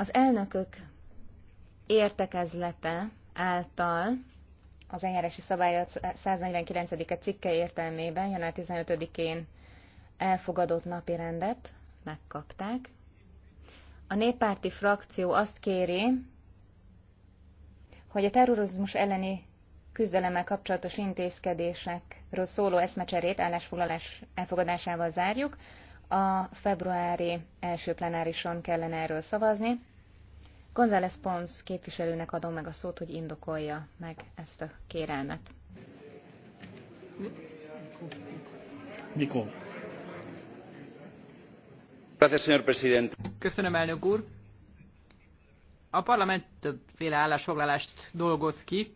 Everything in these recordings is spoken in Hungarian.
Az elnökök értekezlete által az eljárási szabály 149. cikke értelmében január 15-én elfogadott napi rendet megkapták. A néppárti frakció azt kéri, hogy a terrorizmus elleni küzdelemmel kapcsolatos intézkedésekről szóló eszmecserét állásfoglalás elfogadásával zárjuk. A februári első plenárison kellene erről szavazni. González Pons képviselőnek adom meg a szót, hogy indokolja meg ezt a kérelmet. Mikor? Köszönöm, elnök úr. A parlament többféle állásfoglalást dolgoz ki.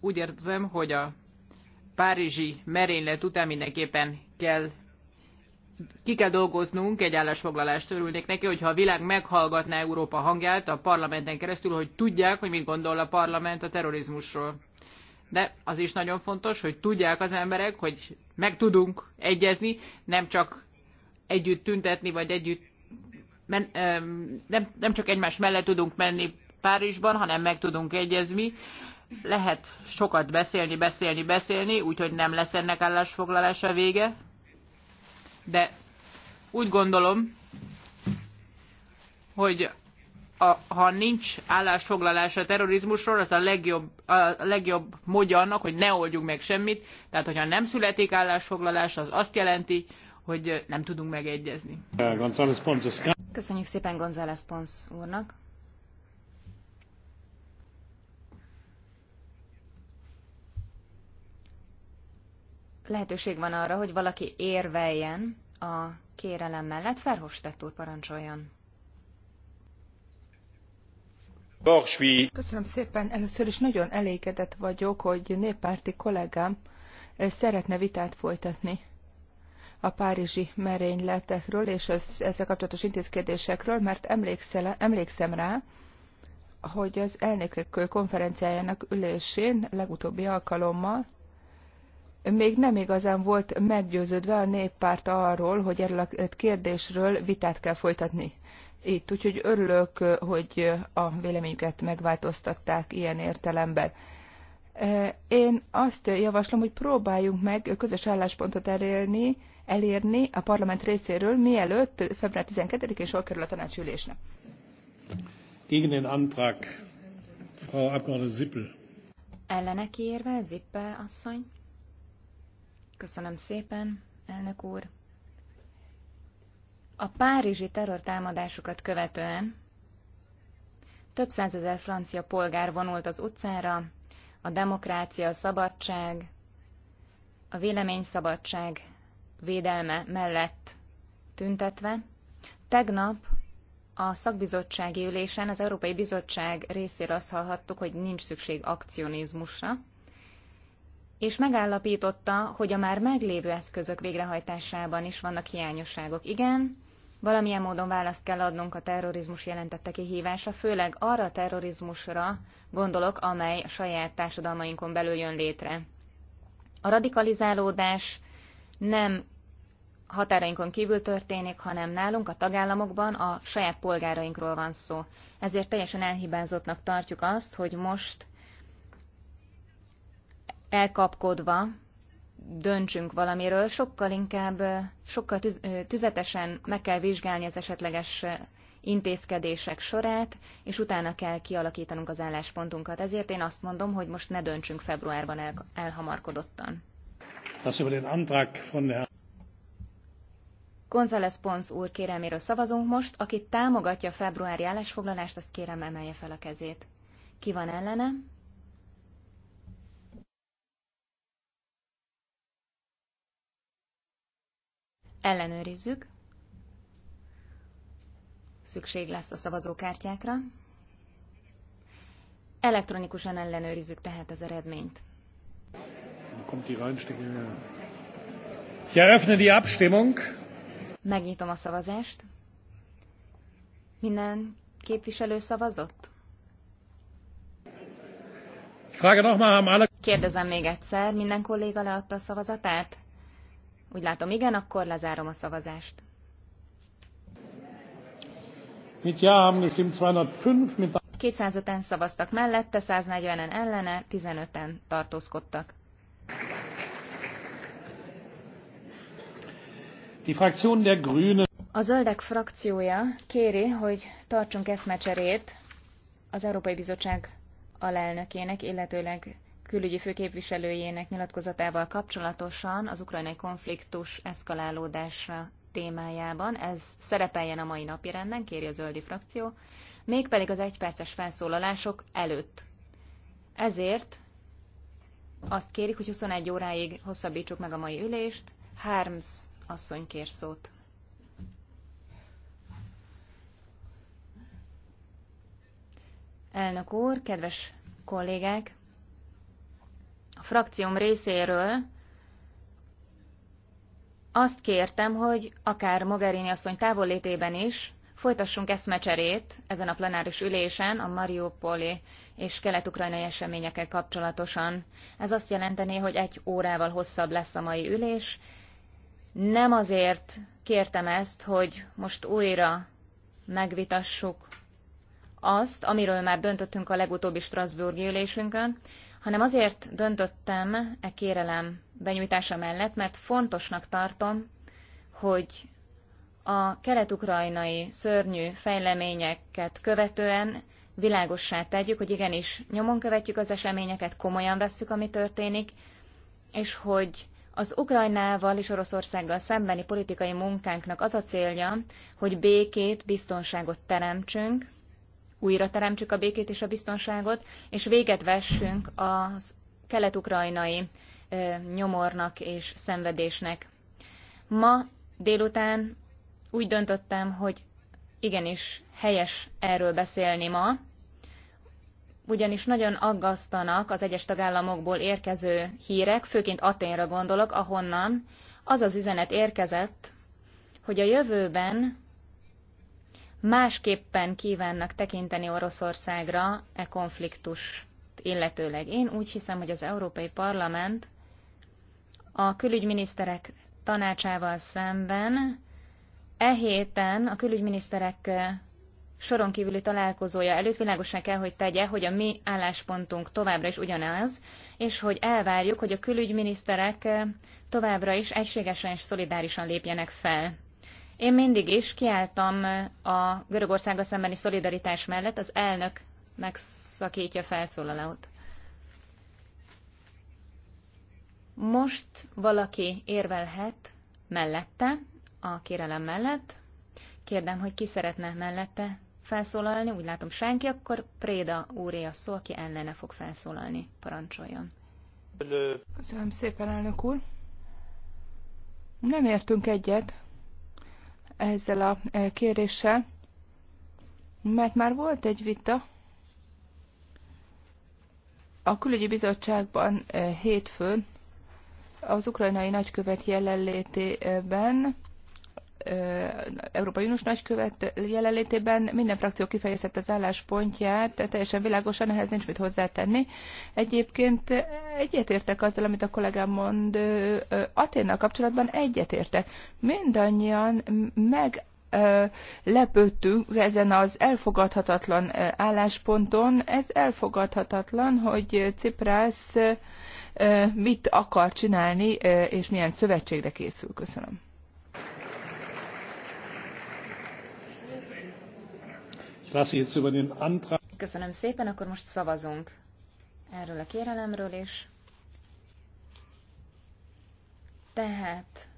Úgy érzem, hogy a párizsi merénylet után mindenképpen kell ki kell dolgoznunk egy állásfoglalást. Örülnék neki, hogyha a világ meghallgatná Európa hangját a parlamenten keresztül, hogy tudják, hogy mit gondol a parlament a terrorizmusról. De az is nagyon fontos, hogy tudják az emberek, hogy meg tudunk egyezni, nem csak együtt tüntetni, vagy együtt men, nem, nem csak egymás mellett tudunk menni Párizsban, hanem meg tudunk egyezni. Lehet sokat beszélni, beszélni, beszélni, úgyhogy nem lesz ennek állásfoglalása vége, de úgy gondolom, hogy a, ha nincs állásfoglalás a terrorizmusról, az a legjobb, a legjobb módja annak, hogy ne oldjuk meg semmit. Tehát, hogyha nem születik állásfoglalás, az azt jelenti, hogy nem tudunk megegyezni. Köszönjük szépen González Pons úrnak. Lehetőség van arra, hogy valaki érveljen, a kérelem mellett. Ferhofstadt úr parancsoljon. Köszönöm szépen. Először is nagyon elégedett vagyok, hogy néppárti kollégám eh, szeretne vitát folytatni a párizsi merényletekről és az ezzel kapcsolatos intézkedésekről, mert emlékszem rá, hogy az elnökök konferenciájának ülésén legutóbbi alkalommal még nem igazán volt meggyőződve a néppárt arról, hogy erről a kérdésről vitát kell folytatni itt. Úgyhogy örülök, hogy a véleményüket megváltoztatták ilyen értelemben. E, én azt javaslom, hogy próbáljunk meg közös álláspontot elérni, elérni a parlament részéről, mielőtt február 12-én sor kerül a tanácsülésnek. Gegen den Antrag, Frau Abgeordnete Zippel. Ellene kiérve Zippel asszony. Köszönöm szépen, elnök úr. A párizsi terrortámadásokat követően több százezer francia polgár vonult az utcára, a demokrácia, a szabadság, a véleményszabadság védelme mellett tüntetve. Tegnap a szakbizottsági ülésen az Európai Bizottság részéről azt hallhattuk, hogy nincs szükség akcionizmusra, és megállapította, hogy a már meglévő eszközök végrehajtásában is vannak hiányosságok. Igen, valamilyen módon választ kell adnunk a terrorizmus jelentette kihívása, főleg arra a terrorizmusra gondolok, amely a saját társadalmainkon belül jön létre. A radikalizálódás nem határainkon kívül történik, hanem nálunk a tagállamokban a saját polgárainkról van szó. Ezért teljesen elhibázottnak tartjuk azt, hogy most elkapkodva döntsünk valamiről, sokkal inkább, sokkal tüz, tüzetesen meg kell vizsgálni az esetleges intézkedések sorát, és utána kell kialakítanunk az álláspontunkat. Ezért én azt mondom, hogy most ne döntsünk februárban el, elhamarkodottan. González Pons úr kéreméről szavazunk most, aki támogatja a februári állásfoglalást, azt kérem emelje fel a kezét. Ki van ellene? Ellenőrizzük. Szükség lesz a szavazókártyákra. Elektronikusan ellenőrizzük tehát az eredményt. Megnyitom a szavazást. Minden képviselő szavazott? Kérdezem még egyszer, minden kolléga leadta a szavazatát? Úgy látom, igen, akkor lezárom a szavazást. Mit ja haben 205 mit 205-en szavaztak mellette, 140-en ellene, 15-en tartózkodtak. Die Fraktion der Grünen a zöldek frakciója kéri, hogy tartsunk eszmecserét az Európai Bizottság alelnökének, illetőleg külügyi főképviselőjének nyilatkozatával kapcsolatosan az ukrajnai konfliktus eszkalálódása témájában. Ez szerepeljen a mai napi renden, kéri a zöldi frakció, mégpedig az egyperces felszólalások előtt. Ezért azt kérik, hogy 21 óráig hosszabbítsuk meg a mai ülést. Harms asszony kér szót. Elnök úr, kedves kollégák! frakcióm részéről azt kértem, hogy akár Mogherini asszony távollétében is folytassunk eszmecserét ezen a plenáris ülésen a Mariupoli és kelet-ukrajnai eseményekkel kapcsolatosan. Ez azt jelentené, hogy egy órával hosszabb lesz a mai ülés. Nem azért kértem ezt, hogy most újra megvitassuk azt, amiről már döntöttünk a legutóbbi Strasburgi ülésünkön, hanem azért döntöttem e kérelem benyújtása mellett, mert fontosnak tartom, hogy a kelet-ukrajnai szörnyű fejleményeket követően világossá tegyük, hogy igenis nyomon követjük az eseményeket, komolyan vesszük, ami történik, és hogy az Ukrajnával és Oroszországgal szembeni politikai munkánknak az a célja, hogy békét, biztonságot teremtsünk, újra teremtsük a békét és a biztonságot, és véget vessünk a kelet-ukrajnai nyomornak és szenvedésnek. Ma délután úgy döntöttem, hogy igenis helyes erről beszélni ma, ugyanis nagyon aggasztanak az egyes tagállamokból érkező hírek, főként Aténra gondolok, ahonnan az az üzenet érkezett, hogy a jövőben másképpen kívánnak tekinteni Oroszországra e konfliktus illetőleg. Én úgy hiszem, hogy az Európai Parlament a külügyminiszterek tanácsával szemben e héten a külügyminiszterek soron kívüli találkozója előtt világosá kell, hogy tegye, hogy a mi álláspontunk továbbra is ugyanaz, és hogy elvárjuk, hogy a külügyminiszterek továbbra is egységesen és szolidárisan lépjenek fel. Én mindig is kiálltam a Görögországa szembeni szolidaritás mellett, az elnök megszakítja felszólalót. Most valaki érvelhet mellette, a kérelem mellett. Kérdem, hogy ki szeretne mellette felszólalni, úgy látom senki, akkor Préda úré a szó, aki ellene fog felszólalni. Parancsoljon. Köszönöm szépen, elnök úr. Nem értünk egyet ezzel a e, kéréssel, mert már volt egy vita a külügyi bizottságban e, hétfőn az ukrajnai nagykövet jelenlétében Európai Uniós nagykövet jelenlétében minden frakció kifejezett az álláspontját, teljesen világosan, ehhez nincs mit hozzátenni. Egyébként egyetértek azzal, amit a kollégám mond, Aténnal kapcsolatban egyetértek. Mindannyian meg lepődtünk ezen az elfogadhatatlan állásponton. Ez elfogadhatatlan, hogy Ciprász mit akar csinálni, és milyen szövetségre készül. Köszönöm. Köszönöm szépen, akkor most szavazunk erről a kérelemről is. Tehát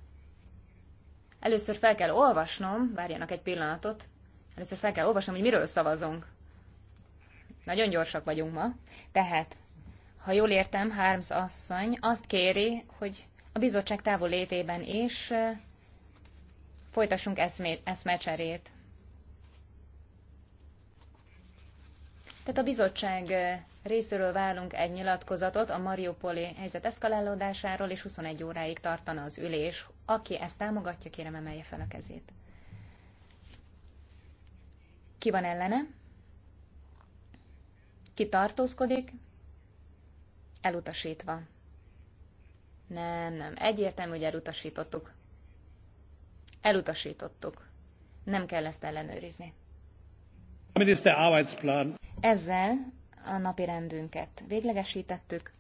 először fel kell olvasnom, várjanak egy pillanatot, először fel kell olvasnom, hogy miről szavazunk. Nagyon gyorsak vagyunk ma. Tehát, ha jól értem, Harms asszony azt kéri, hogy a bizottság távol létében is eh, folytassunk eszmét, eszmecserét. Tehát a bizottság részéről várunk egy nyilatkozatot a Mariupoli helyzet eszkalálódásáról, és 21 óráig tartana az ülés. Aki ezt támogatja, kérem emelje fel a kezét. Ki van ellene? Ki tartózkodik? Elutasítva. Nem, nem, egyértelmű, hogy elutasítottuk. Elutasítottuk. Nem kell ezt ellenőrizni. Damit ist der Arbeitsplan ezzel a napi rendünket véglegesítettük.